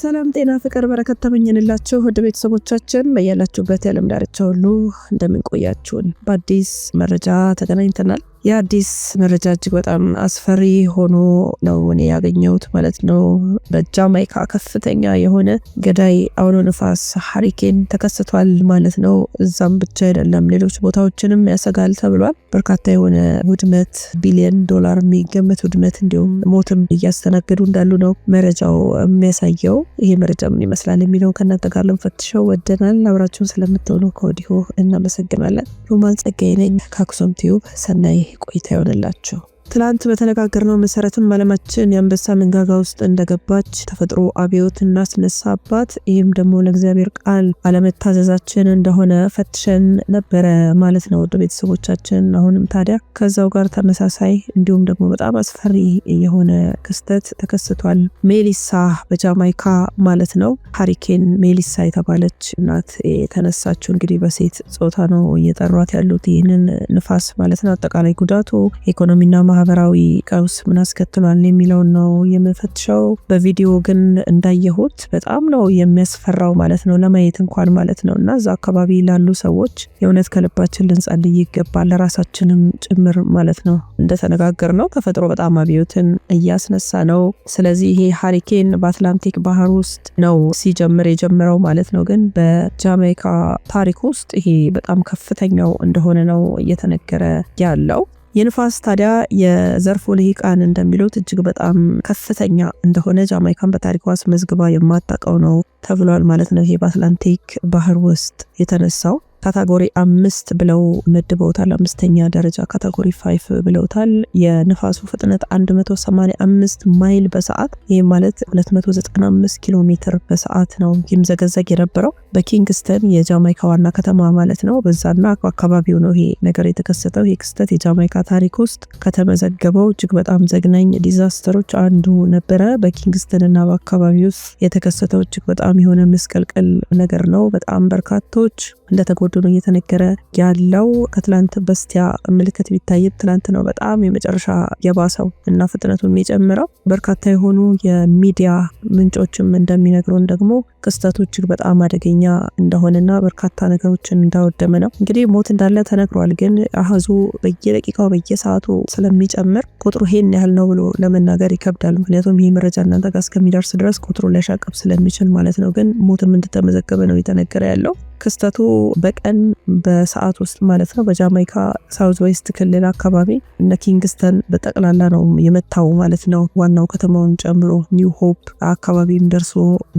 ሰላም ጤና ፍቅር በረከት ተመኘንላችሁ ወደ ቤተሰቦቻችን በያላችሁበት የዓለም ዳርቻ ሁሉ እንደምንቆያችሁን በአዲስ መረጃ ተገናኝተናል። የአዲስ መረጃ እጅግ በጣም አስፈሪ ሆኖ ነው እኔ ያገኘሁት ማለት ነው። በጃማይካ ከፍተኛ የሆነ ገዳይ አውሎ ነፋስ ሀሪኬን ተከስቷል ማለት ነው። እዛም ብቻ አይደለም ሌሎች ቦታዎችንም ያሰጋል ተብሏል። በርካታ የሆነ ውድመት ቢሊዮን ዶላር የሚገመት ውድመት እንዲሁም ሞትም እያስተናገዱ እንዳሉ ነው መረጃው የሚያሳየው። ይሄ መረጃ ምን ይመስላል የሚለው ከእናንተ ጋር ልንፈትሸው ወደናል። አብራችሁን ስለምትሆኑ ከወዲሁ እናመሰግናለን። ሮማን ጸጋዬ ነኝ ከአክሱም ቲዩብ ሰናይ ቆይታ ይሆንላችሁ። ትላንት በተነጋገርነው መሰረትም አለማችን የአንበሳ መንጋጋ ውስጥ እንደገባች ተፈጥሮ አብዮት እናስነሳባት። ይህም ደግሞ ለእግዚአብሔር ቃል አለመታዘዛችን እንደሆነ ፈትሸን ነበረ ማለት ነው። ወደ ቤተሰቦቻችን አሁንም ታዲያ ከዛው ጋር ተመሳሳይ እንዲሁም ደግሞ በጣም አስፈሪ የሆነ ክስተት ተከስቷል። ሜሊሳ በጃማይካ ማለት ነው ሀሪኬን ሜሊሳ የተባለች እናት የተነሳችው እንግዲህ በሴት ጾታ ነው እየጠሯት ያሉት ይህንን ንፋስ ማለት ነው። አጠቃላይ ጉዳቱ ኢኮኖሚና ማህበ ማህበራዊ ቀውስ ምን አስከትሏል የሚለውን ነው የምፈትሸው። በቪዲዮ ግን እንዳየሁት በጣም ነው የሚያስፈራው ማለት ነው ለማየት እንኳን ማለት ነው እና እዛ አካባቢ ላሉ ሰዎች የእውነት ከልባችን ልንጸልይ ይገባል ለራሳችንም ጭምር ማለት ነው። እንደተነጋገር ነው ተፈጥሮ በጣም አብዮትን እያስነሳ ነው። ስለዚህ ይሄ ሀሪኬን በአትላንቲክ ባህር ውስጥ ነው ሲጀምር የጀመረው ማለት ነው። ግን በጃሜይካ ታሪክ ውስጥ ይሄ በጣም ከፍተኛው እንደሆነ ነው እየተነገረ ያለው። የንፋስ ታዲያ የዘርፉ ልሂቃን እንደሚሉት እጅግ በጣም ከፍተኛ እንደሆነ ጃማይካን በታሪክ አስመዝግባ የማታውቀው ነው ተብሏል ማለት ነው። ይሄ በአትላንቲክ ባህር ውስጥ የተነሳው ካታጎሪ አምስት ብለው መድበውታል። አምስተኛ ደረጃ ካታጎሪ ፋይፍ ብለውታል። የንፋሱ ፍጥነት 185 ማይል በሰዓት ይህ ማለት 295 ኪሎ ሜትር በሰዓት ነው ይምዘገዘግ የነበረው በኪንግስተን የጃማይካ ዋና ከተማ ማለት ነው። በዛና አካባቢው ነው ይሄ ነገር የተከሰተው። ይህ ክስተት የጃማይካ ታሪክ ውስጥ ከተመዘገበው እጅግ በጣም ዘግናኝ ዲዛስተሮች አንዱ ነበረ። በኪንግስተንና በአካባቢ ውስጥ የተከሰተው እጅግ በጣም የሆነ ምስቀልቅል ነገር ነው። በጣም በርካቶች እንደተጎዱ ነው እየተነገረ ያለው። ከትላንት በስቲያ ምልክት ቢታይም ትላንት ነው በጣም የመጨረሻ የባሰው እና ፍጥነቱ የሚጨምረው። በርካታ የሆኑ የሚዲያ ምንጮችም እንደሚነግሩን ደግሞ ክስተቱ እጅግ በጣም አደገኛ እንደሆነና በርካታ ነገሮችን እንዳወደመ ነው። እንግዲህ ሞት እንዳለ ተነግሯል። ግን አህዙ በየደቂቃው በየሰዓቱ ስለሚጨምር ቁጥሩ ይሄን ያህል ነው ብሎ ለመናገር ይከብዳል። ምክንያቱም ይህ መረጃ እናንተ ጋር እስከሚደርስ ድረስ ቁጥሩ ሊያሻቅብ ስለሚችል ማለት ነው። ግን ሞትም እንደተመዘገበ ነው እየተነገረ ያለው። ክስተቱ በቀን በሰዓት ውስጥ ማለት ነው በጃማይካ ሳውዝ ዌስት ክልል አካባቢ እነ ኪንግስተን በጠቅላላ ነው የመታው ማለት ነው። ዋናው ከተማውን ጨምሮ ኒው ሆፕ አካባቢም ደርሶ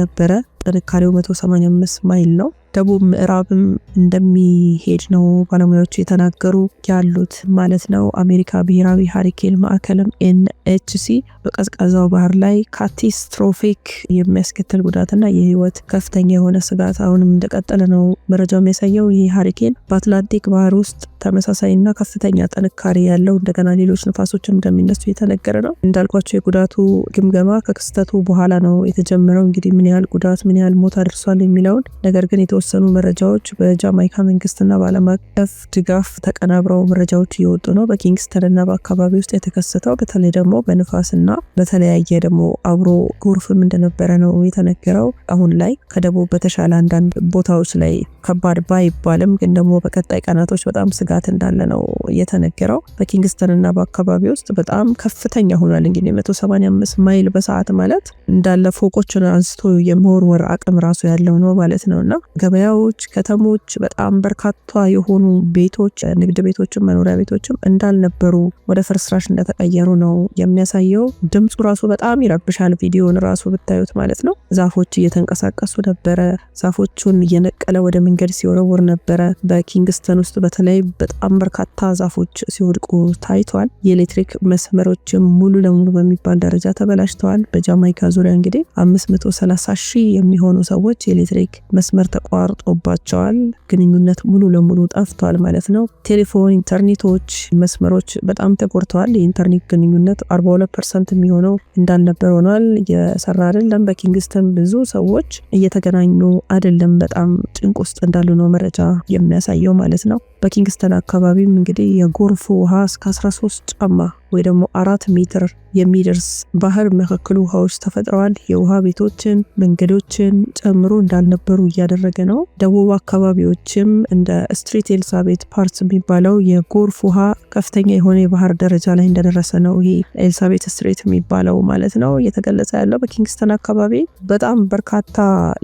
ነበረ። ጥንካሬው 185 ማይል ነው። ደቡብ ምዕራብም እንደሚሄድ ነው ባለሙያዎቹ የተናገሩ ያሉት ማለት ነው። አሜሪካ ብሔራዊ ሀሪኬን ማዕከልም ኤንኤችሲ በቀዝቃዛው ባህር ላይ ካቲስትሮፊክ የሚያስከትል ጉዳትና የህይወት ከፍተኛ የሆነ ስጋት አሁንም እንደቀጠለ ነው መረጃው የሚያሳየው። ይህ ሀሪኬን በአትላንቲክ ባህር ውስጥ ተመሳሳይና ከፍተኛ ጥንካሬ ያለው እንደገና ሌሎች ንፋሶችም እንደሚነሱ የተነገረ ነው። እንዳልኳቸው የጉዳቱ ግምገማ ከክስተቱ በኋላ ነው የተጀመረው። እንግዲህ ምን ያህል ጉዳት ምን ያህል ሞት አድርሷል የሚለውን ነገር ግን የተወሰኑ መረጃዎች በጃማይካ መንግስትና በዓለም አቀፍ ድጋፍ ተቀናብረው መረጃዎች እየወጡ ነው። በኪንግስተንና በአካባቢ ውስጥ የተከሰተው በተለይ ደግሞ በንፋስና በተለያየ ደግሞ አብሮ ጎርፍም እንደነበረ ነው የተነገረው። አሁን ላይ ከደቡብ በተሻለ አንዳንድ ቦታዎች ላይ ከባድ ባይባልም ግን ደግሞ በቀጣይ ቀናቶች በጣም ስጋት እንዳለ ነው የተነገረው። በኪንግስተንና በአካባቢ ውስጥ በጣም ከፍተኛ ሆኗል። እንግዲህ 185 ማይል በሰዓት ማለት እንዳለ ፎቆችን አንስቶ የመወርወር አቅም ራሱ ያለው ነው ማለት ነው እና ገበያዎች፣ ከተሞች በጣም በርካታ የሆኑ ቤቶች፣ ንግድ ቤቶችም መኖሪያ ቤቶችም እንዳልነበሩ ወደ ፍርስራሽ እንደተቀየሩ ነው የሚያሳየው። ድምፁ ራሱ በጣም ይረብሻል። ቪዲዮን ራሱ ብታዩት ማለት ነው። ዛፎች እየተንቀሳቀሱ ነበረ። ዛፎቹን እየነቀለ ወደ መንገድ ሲወረውር ነበረ። በኪንግስተን ውስጥ በተለይ በጣም በርካታ ዛፎች ሲወድቁ ታይቷል። የኤሌክትሪክ መስመሮችም ሙሉ ለሙሉ በሚባል ደረጃ ተበላሽተዋል። በጃማይካ ዙሪያ እንግዲህ 530 ሺህ የሚሆኑ ሰዎች የኤሌክትሪክ መስመር ተቋ ተቋርጦባቸዋል። ግንኙነት ሙሉ ለሙሉ ጠፍቷል ማለት ነው። ቴሌፎን፣ ኢንተርኔቶች፣ መስመሮች በጣም ተቆርተዋል። የኢንተርኔት ግንኙነት 42 ፐርሰንት የሚሆነው እንዳልነበር ሆኗል። የሰራ አይደለም። በኪንግስተን ብዙ ሰዎች እየተገናኙ አይደለም። በጣም ጭንቅ ውስጥ እንዳሉ ነው መረጃ የሚያሳየው ማለት ነው። በኪንግስተን አካባቢም እንግዲህ የጎርፍ ውሃ እስከ 13 ጫማ ወይ ደግሞ አራት ሜትር የሚደርስ ባህር መካከል ውሃዎች ተፈጥረዋል። የውሃ ቤቶችን መንገዶችን ጨምሮ እንዳልነበሩ እያደረገ ነው። ደቡብ አካባቢዎችም እንደ ስትሪት ኤልሳቤት ፓርት የሚባለው የጎርፍ ውሃ ከፍተኛ የሆነ የባህር ደረጃ ላይ እንደደረሰ ነው። ይሄ ኤልሳቤት ስትሪት የሚባለው ማለት ነው እየተገለጸ ያለው። በኪንግስተን አካባቢ በጣም በርካታ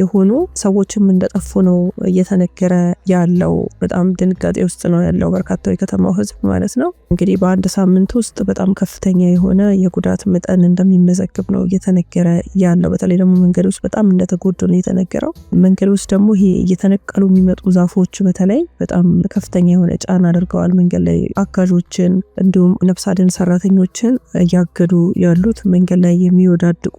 የሆኑ ሰዎችም እንደጠፉ ነው እየተነገረ ያለው። በጣም ድንጋ ውስጥ ነው ያለው በርካታው የከተማው ህዝብ ማለት ነው። እንግዲህ በአንድ ሳምንት ውስጥ በጣም ከፍተኛ የሆነ የጉዳት መጠን እንደሚመዘግብ ነው እየተነገረ ያለው። በተለይ ደግሞ መንገድ ውስጥ በጣም እንደተጎዱ ነው የተነገረው። መንገድ ውስጥ ደግሞ ይሄ እየተነቀሉ የሚመጡ ዛፎች በተለይ በጣም ከፍተኛ የሆነ ጫና አድርገዋል። መንገድ ላይ አጋዦችን እንዲሁም ነፍስ አድን ሰራተኞችን እያገዱ ያሉት መንገድ ላይ የሚወዳድቁ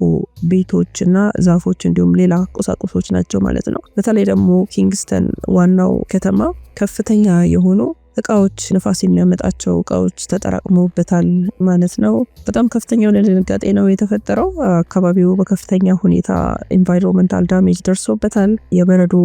ቤቶች እና ዛፎች እንዲሁም ሌላ ቁሳቁሶች ናቸው ማለት ነው። በተለይ ደግሞ ኪንግስተን ዋናው ከተማ ከፍተኛ የሆነው እቃዎች፣ ንፋስ የሚያመጣቸው እቃዎች ተጠራቅመውበታል ማለት ነው። በጣም ከፍተኛ የሆነ ድንጋጤ ነው የተፈጠረው። አካባቢው በከፍተኛ ሁኔታ ኢንቫይሮንመንታል ዳሜጅ ደርሶበታል። የበረዶ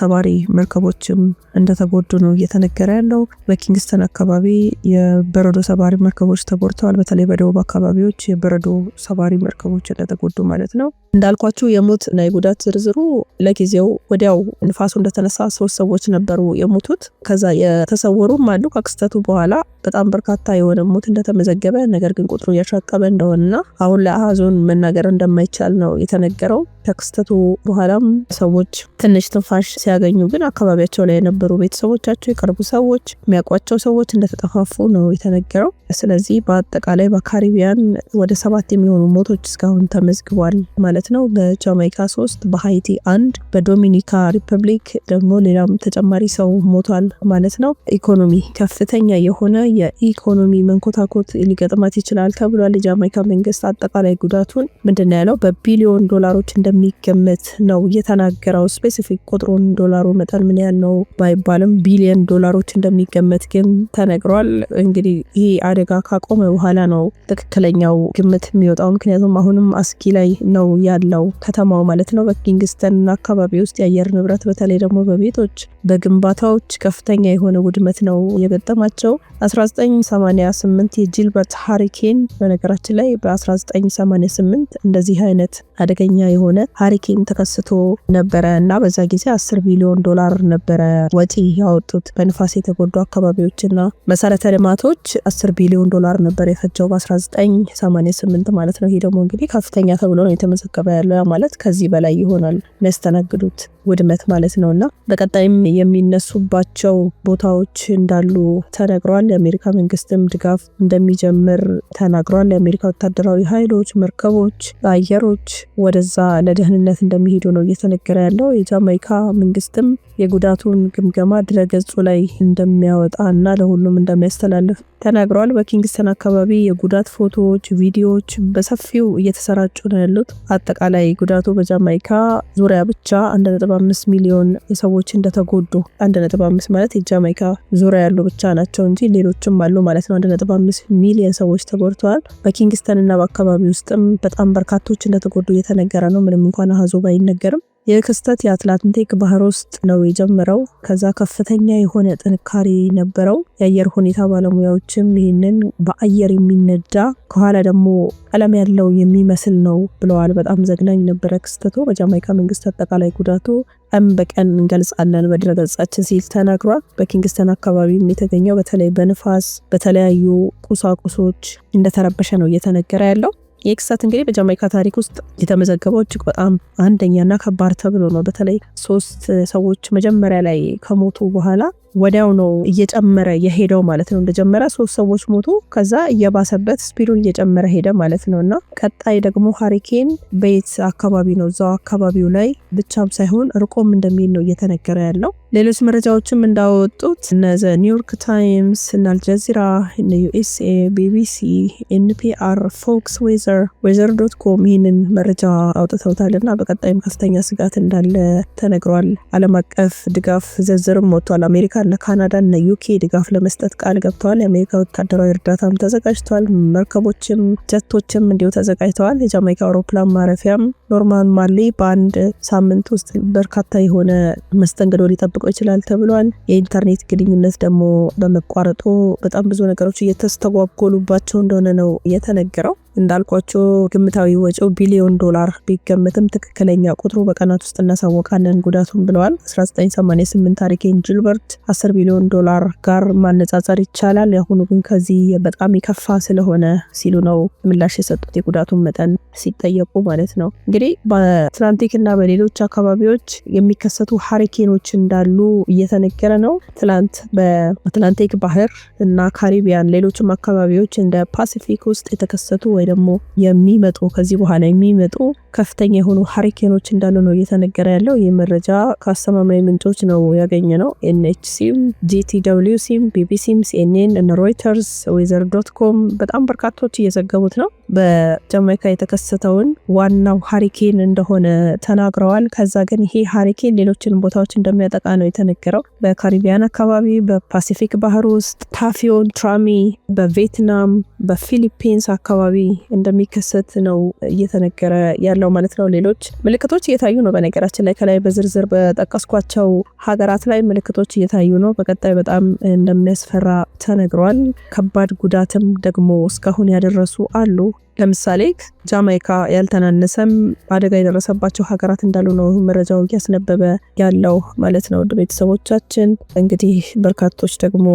ሰባሪ መርከቦችም እንደተጎዱ ነው እየተነገረ ያለው። በኪንግስተን አካባቢ የበረዶ ሰባሪ መርከቦች ተጎድተዋል። በተለይ በደቡብ አካባቢዎች የበረዶ ሰባሪ መርከቦች እንደተጎዱ ማለት ነው። እንዳልኳችሁ የሞት እና የጉዳት ዝርዝሩ ለጊዜው ወዲያው ንፋሱ እንደተነሳ ሶስት ሰዎች ነበሩ የሞቱት። ከዛ የተሰወሩ የሚናገሩም አሉ። ከክስተቱ በኋላ በጣም በርካታ የሆነ ሞት እንደተመዘገበ ነገር ግን ቁጥሩ እያሻቀበ እንደሆነና አሁን ለአሃዙን መናገር እንደማይቻል ነው የተነገረው። ከክስተቱ በኋላም ሰዎች ትንሽ ትንፋሽ ሲያገኙ ግን አካባቢያቸው ላይ የነበሩ ቤተሰቦቻቸው፣ የቀርቡ ሰዎች፣ የሚያውቋቸው ሰዎች እንደተጠፋፉ ነው የተነገረው። ስለዚህ በአጠቃላይ በካሪቢያን ወደ ሰባት የሚሆኑ ሞቶች እስካሁን ተመዝግቧል ማለት ነው። በጃማይካ ሶስት፣ በሀይቲ አንድ፣ በዶሚኒካ ሪፐብሊክ ደግሞ ሌላም ተጨማሪ ሰው ሞቷል ማለት ነው። ኢኮኖሚ ከፍተኛ የሆነ የኢኮኖሚ መንኮታኮት ሊገጥማት ይችላል ተብሏል። የጃማይካ መንግስት አጠቃላይ ጉዳቱን ምንድን ነው ያለው? በቢሊዮን ዶላሮች እንደሚገመት ነው የተናገረው። ስፔሲፊክ ቁጥሩን ዶላሩ መጠን ምን ያህል ነው ባይባልም ቢሊዮን ዶላሮች እንደሚገመት ግን ተነግሯል። እንግዲህ ይህ አደጋ ካቆመ በኋላ ነው ትክክለኛው ግምት የሚወጣው። ምክንያቱም አሁንም አስጊ ላይ ነው ያለው ከተማው ማለት ነው። በኪንግስተን አካባቢ ውስጥ የአየር ንብረት በተለይ ደግሞ በቤቶች በግንባታዎች ከፍተኛ የሆነ ውድመት ነው የገጠማቸው። 1988 የጂልበርት ሃሪኬን በነገራችን ላይ በ1988 እንደዚህ አይነት አደገኛ የሆነ ሃሪኬን ተከስቶ ነበረ እና በዛ ጊዜ 10 ቢሊዮን ዶላር ነበረ ወጪ ያወጡት በንፋስ የተጎዱ አካባቢዎችና መሰረተ ልማቶች 10 ቢሊዮን ዶላር ነበር የፈጀው በ1988 ማለት ነው። ይሄ ደግሞ እንግዲህ ከፍተኛ ተብሎ ነው የተመዘገበ ያለው ማለት ከዚህ በላይ ይሆናል የሚያስተናግዱት ውድመት ማለት ነው እና በቀጣይም የሚነሱባቸው ቦታዎች እንዳሉ ተነግሯል። የአሜሪካ መንግስትም ድጋፍ እንደሚጀምር ተናግሯል። የአሜሪካ ወታደራዊ ኃይሎች፣ መርከቦች፣ አየሮች ወደዛ ለደህንነት እንደሚሄዱ ነው እየተነገረ ያለው። የጃማይካ መንግስትም የጉዳቱን ግምገማ ድረገጹ ላይ እንደሚያወጣ እና ለሁሉም እንደሚያስተላልፍ ተናግረዋል። በኪንግስተን አካባቢ የጉዳት ፎቶዎች፣ ቪዲዮዎች በሰፊው እየተሰራጩ ነው ያሉት። አጠቃላይ ጉዳቱ በጃማይካ ዙሪያ ብቻ 1.5 ሚሊዮን ሰዎች እንደተጎዱ 1.5 ማለት የጃማይካ ዙሪያ ያሉ ብቻ ናቸው እንጂ ሌሎችም አሉ ማለት ነው። 1.5 ሚሊዮን ሰዎች ተጎድተዋል። በኪንግስተን እና በአካባቢ ውስጥም በጣም በርካቶች እንደተጎዱ እየተነገረ ነው። ምንም እንኳን አሃዙ ባይነገርም ይህ ክስተት የአትላንቲክ ባህር ውስጥ ነው የጀመረው። ከዛ ከፍተኛ የሆነ ጥንካሬ ነበረው። የአየር ሁኔታ ባለሙያዎችም ይህንን በአየር የሚነዳ ከኋላ ደግሞ ቀለም ያለው የሚመስል ነው ብለዋል። በጣም ዘግናኝ ነበረ ክስተቱ። በጃማይካ መንግስት አጠቃላይ ጉዳቱ ቀን በቀን እንገልጻለን በድረገጻችን ሲል ተናግሯል። በኪንግስተን አካባቢ የተገኘው በተለይ በንፋስ በተለያዩ ቁሳቁሶች እንደተረበሸ ነው እየተነገረ ያለው። የእንስሳት እንግዲህ በጃማይካ ታሪክ ውስጥ የተመዘገበው እጅግ በጣም አንደኛና ከባድ ተብሎ ነው። በተለይ ሶስት ሰዎች መጀመሪያ ላይ ከሞቱ በኋላ ወዲያው ነው እየጨመረ የሄደው ማለት ነው። እንደጀመረ ሶስት ሰዎች ሞቱ። ከዛ እየባሰበት ስፒዱን እየጨመረ ሄደ ማለት ነው። እና ቀጣይ ደግሞ ሀሪኬን በየት አካባቢ ነው? እዛው አካባቢው ላይ ብቻም ሳይሆን ርቆም እንደሚሄድ ነው እየተነገረ ያለው። ሌሎች መረጃዎችም እንዳወጡት እነዘ ኒውዮርክ ታይምስ እና አልጀዚራ፣ ዩኤስኤ፣ ቢቢሲ፣ ኤንፒአር፣ ፎክስ ዌዘር፣ ዌዘር ዶት ኮም ይህንን መረጃ አውጥተውታል እና በቀጣይም ከፍተኛ ስጋት እንዳለ ተነግሯል። አለም አቀፍ ድጋፍ ዝርዝርም ወጥቷል። አሜሪካ ለካናዳ እና ዩኬ ድጋፍ ለመስጠት ቃል ገብተዋል። የአሜሪካ ወታደራዊ እርዳታም ተዘጋጅተዋል። መርከቦችም ጀቶችም እንዲሁ ተዘጋጅተዋል። የጃማይካ አውሮፕላን ማረፊያም ኖርማን ማሊ በአንድ ሳምንት ውስጥ በርካታ የሆነ መስተንግዶ ሊጠብቀው ይችላል ተብሏል። የኢንተርኔት ግንኙነት ደግሞ በመቋረጡ በጣም ብዙ ነገሮች እየተስተጓጎሉባቸው እንደሆነ ነው የተነገረው። እንዳልኳቸው ግምታዊ ወጪው ቢሊዮን ዶላር ቢገምትም ትክክለኛ ቁጥሩ በቀናት ውስጥ እናሳወቃለን ጉዳቱን ብለዋል። 1988 ሃሪኬን ጂልበርት 10 ቢሊዮን ዶላር ጋር ማነጻጸር ይቻላል፣ የአሁኑ ግን ከዚህ በጣም የከፋ ስለሆነ ሲሉ ነው ምላሽ የሰጡት የጉዳቱን መጠን ሲጠየቁ ማለት ነው። እንግዲህ በአትላንቲክ እና በሌሎች አካባቢዎች የሚከሰቱ ሀሪኬኖች እንዳሉ እየተነገረ ነው። ትላንት በአትላንቲክ ባህር እና ካሪቢያን ሌሎችም አካባቢዎች እንደ ፓሲፊክ ውስጥ የተከሰቱ ወይ ደግሞ የሚመጡ ከዚህ በኋላ የሚመጡ ከፍተኛ የሆኑ ሀሪኬኖች እንዳሉ ነው እየተነገረ ያለው። ይህ መረጃ ከአስተማማኝ ምንጮች ነው ያገኘ ነው። ኤንኤችሲም፣ ጂቲደብሊው ሲም፣ ቢቢሲም፣ ሲኤንኤን፣ ሮይተርስ፣ ዌዘር ዶት ኮም በጣም በርካቶች እየዘገቡት ነው። በጃማይካ የተከሰተውን ዋናው ሀሪኬን እንደሆነ ተናግረዋል። ከዛ ግን ይሄ ሀሪኬን ሌሎችን ቦታዎች እንደሚያጠቃ ነው የተነገረው። በካሪቢያን አካባቢ፣ በፓሲፊክ ባህር ውስጥ ታፊዮን ትራሚ፣ በቪየትናም፣ በፊሊፒንስ አካባቢ እንደሚከሰት ነው እየተነገረ ያለው ማለት ነው። ሌሎች ምልክቶች እየታዩ ነው። በነገራችን ላይ ከላይ በዝርዝር በጠቀስኳቸው ሀገራት ላይ ምልክቶች እየታዩ ነው። በቀጣይ በጣም እንደሚያስፈራ ተነግሯል። ከባድ ጉዳትም ደግሞ እስካሁን ያደረሱ አሉ። ለምሳሌ ጃማይካ ያልተናነሰም አደጋ የደረሰባቸው ሀገራት እንዳሉ ነው መረጃው እያስነበበ ያለው ማለት ነው። ቤተሰቦቻችን እንግዲህ በርካቶች ደግሞ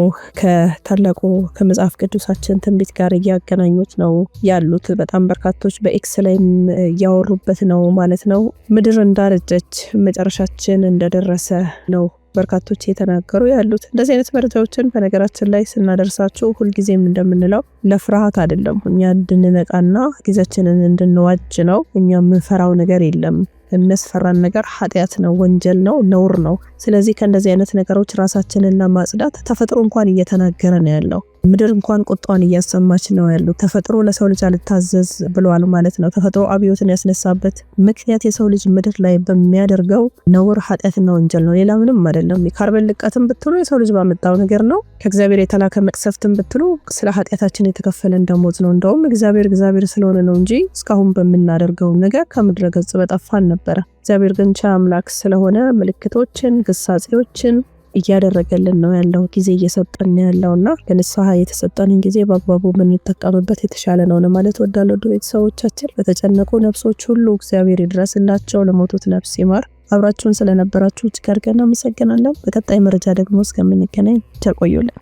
ከታላቁ ከመጽሐፍ ቅዱሳችን ትንቢት ጋር እያገናኙት ነው ያሉት። በጣም በርካቶች በኤክስ ላይም እያወሩበት ነው ማለት ነው። ምድር እንዳረጀች መጨረሻችን እንደደረሰ ነው በርካቶች እየተናገሩ ያሉት። እንደዚህ አይነት መረጃዎችን በነገራችን ላይ ስናደርሳችሁ ሁልጊዜም እንደምንለው ለፍርሃት አይደለም፣ እኛ እንድንነቃና ጊዜያችንን እንድንዋጅ ነው። እኛ የምንፈራው ነገር የለም። የሚያስፈራን ነገር ኃጢአት ነው፣ ወንጀል ነው፣ ነውር ነው። ስለዚህ ከእንደዚህ አይነት ነገሮች ራሳችንን ለማጽዳት ተፈጥሮ እንኳን እየተናገረ ነው ያለው። ምድር እንኳን ቁጣዋን እያሰማች ነው ያሉ ተፈጥሮ ለሰው ልጅ አልታዘዝ ብለዋል ማለት ነው። ተፈጥሮ አብዮትን ያስነሳበት ምክንያት የሰው ልጅ ምድር ላይ በሚያደርገው ነውር ኃጢአትና ወንጀል ነው፣ ሌላ ምንም አይደለም። የካርበን ልቀትም ብትሉ የሰው ልጅ ባመጣው ነገር ነው። ከእግዚአብሔር የተላከ መቅሰፍትን ብትሉ ስለ ኃጢአታችን የተከፈለ እንደሞት ነው። እንደውም እግዚአብሔር እግዚአብሔር ስለሆነ ነው እንጂ እስካሁን በምናደርገው ነገር ከምድረ ገጽ በጠፋን ነበረ። እግዚአብሔር ግን ቻይ አምላክ ስለሆነ ምልክቶችን ግሳጼዎችን እያደረገልን ነው ያለው ጊዜ እየሰጠን ያለው እና ለንስሐ የተሰጠንን ጊዜ በአግባቡ የምንጠቀምበት የተሻለ ነው ለማለት ወዳለ ውድ ቤተሰቦቻችን በተጨነቁ ነፍሶች ሁሉ እግዚአብሔር ይድረስላቸው፣ ለሞቱት ነፍስ ይማር። አብራችሁን ስለነበራችሁ እጅግ አድርገን እናመሰግናለን። በቀጣይ መረጃ ደግሞ እስከምንገናኝ ቸር ቆዩልን።